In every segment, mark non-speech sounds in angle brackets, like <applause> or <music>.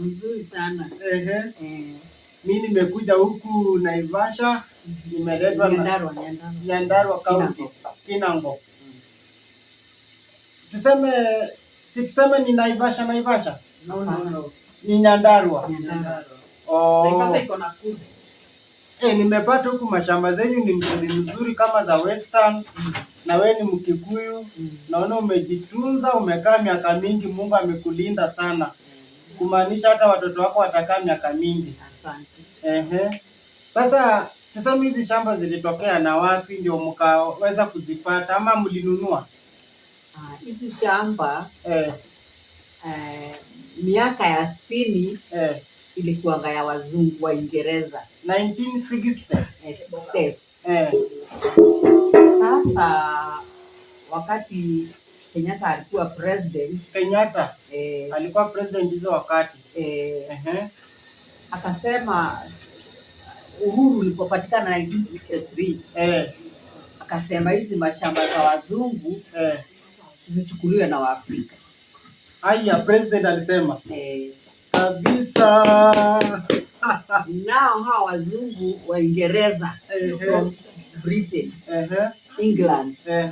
Mzuri sana. Ehe. Eh. Mimi nimekuja huku Naivasha, nimeletwa Nyandarua kaunti Kinango. Tuseme situseme ni Naivasha Naivasha? No, no, no. Ni Nyandarua. Nyandarua. Oh. Naivasha iko Nakuru. Eh, nimepata huku mashamba zenyu ni mzuri mzuri kama za Western. Mm. Na wewe ni Mkikuyu. Mm. Naona umejitunza, umekaa miaka mingi, Mungu amekulinda sana kumaanisha hata watoto wako watakaa miaka mingi. Asante. Ehe. Sasa tuseme hizi shamba zilitokea na wapi ndio mkaweza kuzipata ama mlinunua? Ah, hizi shamba eh, eh, miaka ya sitini eh, ilikuwa ya wazungu wa Uingereza 1960 eh, sasa wakati Kenyatta alikuwa president. Kenyatta eh, alikuwa president hizo wakati eh, uh -huh. Akasema uhuru ulipopatikana 1963 eh, akasema hizi mashamba za wazungu eh, zichukuliwe na Waafrika. Haya, president alisema eh, kabisa <laughs> nao hawa wazungu Waingereza eh, Britain eh, England eh,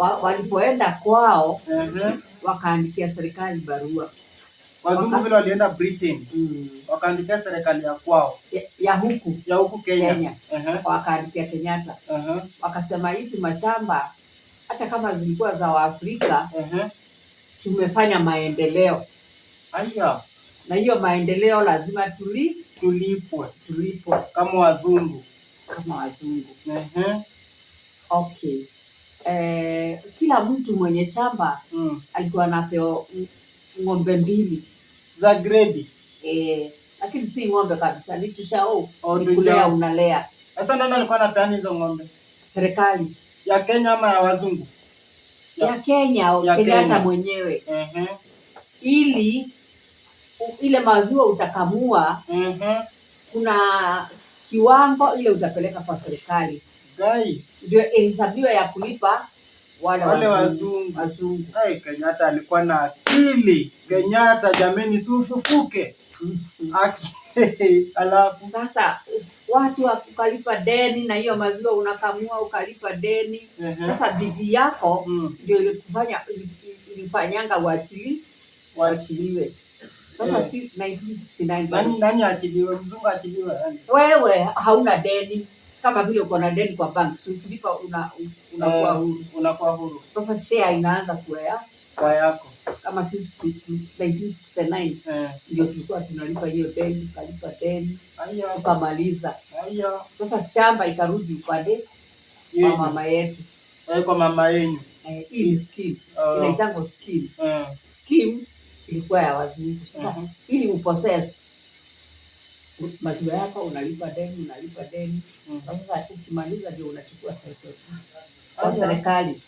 walipoenda kwao mhm. wakaandikia serikali barua Wazungu vile walienda Britain mm. wakaandikia serikali ya kwao ya, ya huku ya huku Kenya, Kenya. Uh mhm. -huh. wakaandikia Kenyatta uh mhm. -huh. wakasema hizi mashamba hata kama zilikuwa za Waafrika uh -huh. tumefanya maendeleo Aya. na hiyo maendeleo lazima tuli tulipwe tulipwe kama wazungu kama wazungu uh -huh. okay eh, kila mtu mwenye shamba mm. alikuwa anapewa ng'ombe mbili za gredi eh, lakini si ng'ombe kabisa, ni tushao oh, kulea, unalea. Sasa nani alikuwa anapeana hizo ng'ombe? Serikali ya Kenya ama ya wazungu? ya, ya Kenya ya Kenya Kenya. mwenyewe uh mm-hmm. -huh. ili ile maziwa utakamua uh mm-hmm. -huh. kuna kiwango ile utapeleka kwa serikali Kai. Ndio hesabiwa eh, ya kulipa wale wale wazungu. Wazungu. Kai, Kenyatta alikuwa na akili. Kenyatta jameni, sufufuke. Alafu sasa watu wakukalipa deni na hiyo maziwa unakamua ukalipa deni. Sasa bidii yako mm. ndio mm. ilikufanya ilifanyanga uachili uachiliwe. Sasa eh. si 1969 nani achiliwe? Mzungu achiliwe? Wewe hauna deni kama vile uko na deni kwa bank, so ukilipa una, unakuwa eh, huru. Unakuwa huru. Sasa share inaanza kuwa ya kwa yako. Kama sisi 1969 eh. ndio tulikuwa tunalipa hiyo deni, kalipa deni haya, tukamaliza. Sasa shamba ikarudi upande kwa mama yetu, eh, kwa mama yenu. Hii ni scheme oh. inaitangwa scheme. Scheme ilikuwa ya wazungu. Sasa uh-huh. ili uposesi maziwa yako unalipa deni, unalipa deni. Sasa ukimaliza ndio unachukua title. Kwa serikali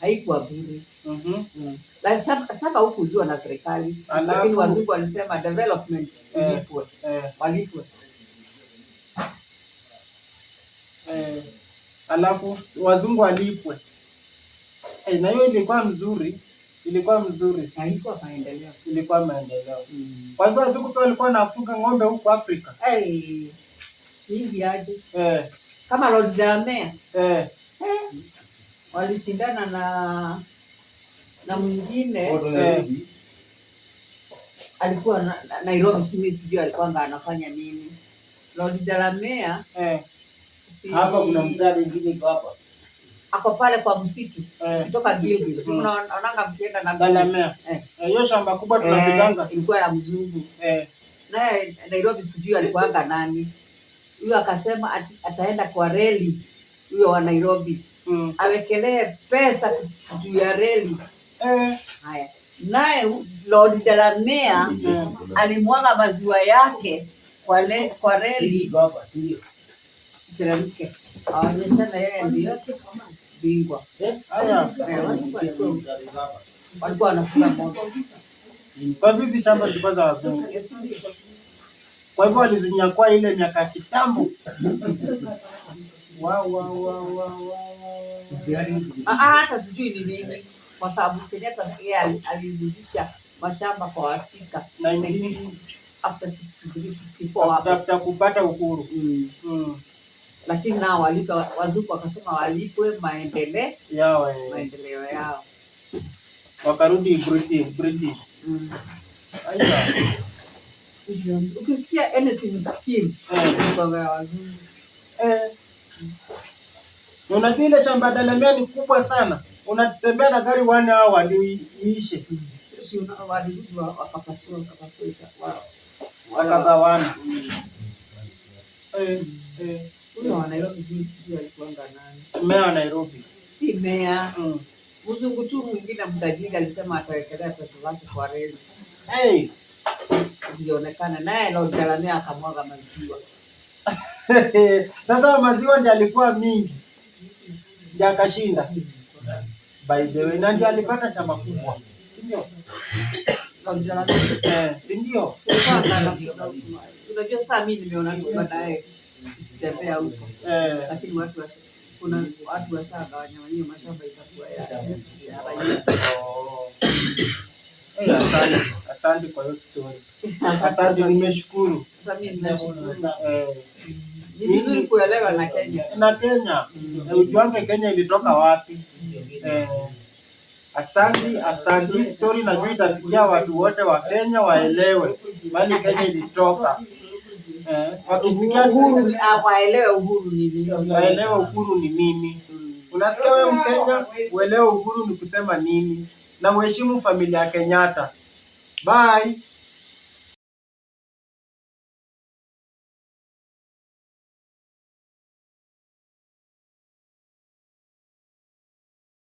haikuwa bure. Mhm. mm Na sasa hukujua na serikali, lakini wazungu walisema development eh, ilipwe, eh. walipwe. Eh. Alafu wazungu walipwe, na hiyo ilikuwa mzuri ilikuwa mzuri, haikuwa maendeleo, ilikuwa maendeleo. Mm. Kwa hivyo siku tu alikuwa anafuga ng'ombe huko Afrika nyingi aje, eh, kama Lord Delamere eh, eh, walishindana na na mwingine eh, alikuwa na, na Nairobi, simi sijui alikuwa anafanya nini Lord Delamere eh. Si... hapa kuna mtaa mwingine hapa ako pale kwa msitu eh. kutoka Gilgil, unaonanga mkienda na Galamea. Eh. Eh, hiyo shamba kubwa tunapiganga ilikuwa ya mzungu naye Nairobi, sijui alikuanga nani huyo, akasema ataenda kwa reli huyo wa Nairobi mm. awekelee pesa juu ya reli eh. Haya, naye Lord Delamere mm. alimwaga maziwa yake kwa, le, kwa reli teremke aonyeshana yeye ndio bingwa Kwa hivyo hizi walizinyakua ile miaka ya kitambo. Ah, ah, hata sijui ni nini, kwa sababu Kenyatta yeye alirudisha mashamba kwa Waafrika after 64 after kupata uhuru. Mm. Mm lakini nao walipa wazuku wakasema walipwe maendeleo yao, eh. maendeleo yao wakarudi British, British. Mm. Ukisikia anything scheme eh. kutoka ya wazungu eh, unajua ile shamba dalamia ni kubwa sana, unatembea na gari wane hao wadi iishe wakagawana huyo wa Nairobi alikuanga nani. wa Nairobi. Si mm. Mzungu tu mwingine alisema atawekelea pesa zake kwa reli. Hey. Ilionekana naye akamwaga maziwa. <laughs> Sasa maziwa ndiyo alikuwa mingi. Ndiyo akashinda. By the way, alipata shamba kubwa. Ndio. Eh, ndio? tembea huko, eh. lakini watu wa kuna watu wasagawanya wenyewe mashamba itakuwa ya <coughs> Asante kwa hiyo story. Asante, nimeshukuru. Eh. Ni vizuri kuelewa na Kenya na Kenya eh, ujuange Kenya ilitoka wapi? Asante, asante. Hii story najua itasikia watu wote wa Kenya waelewe bali Kenya ilitoka wakisikia uhuru ah, waelewe uhuru ni nini, waelewe uhuru ni nini. Hmm. Unasikia wewe Mkenya, uelewe uhuru ni kusema nini na uheshimu familia ya Kenyatta. Bye.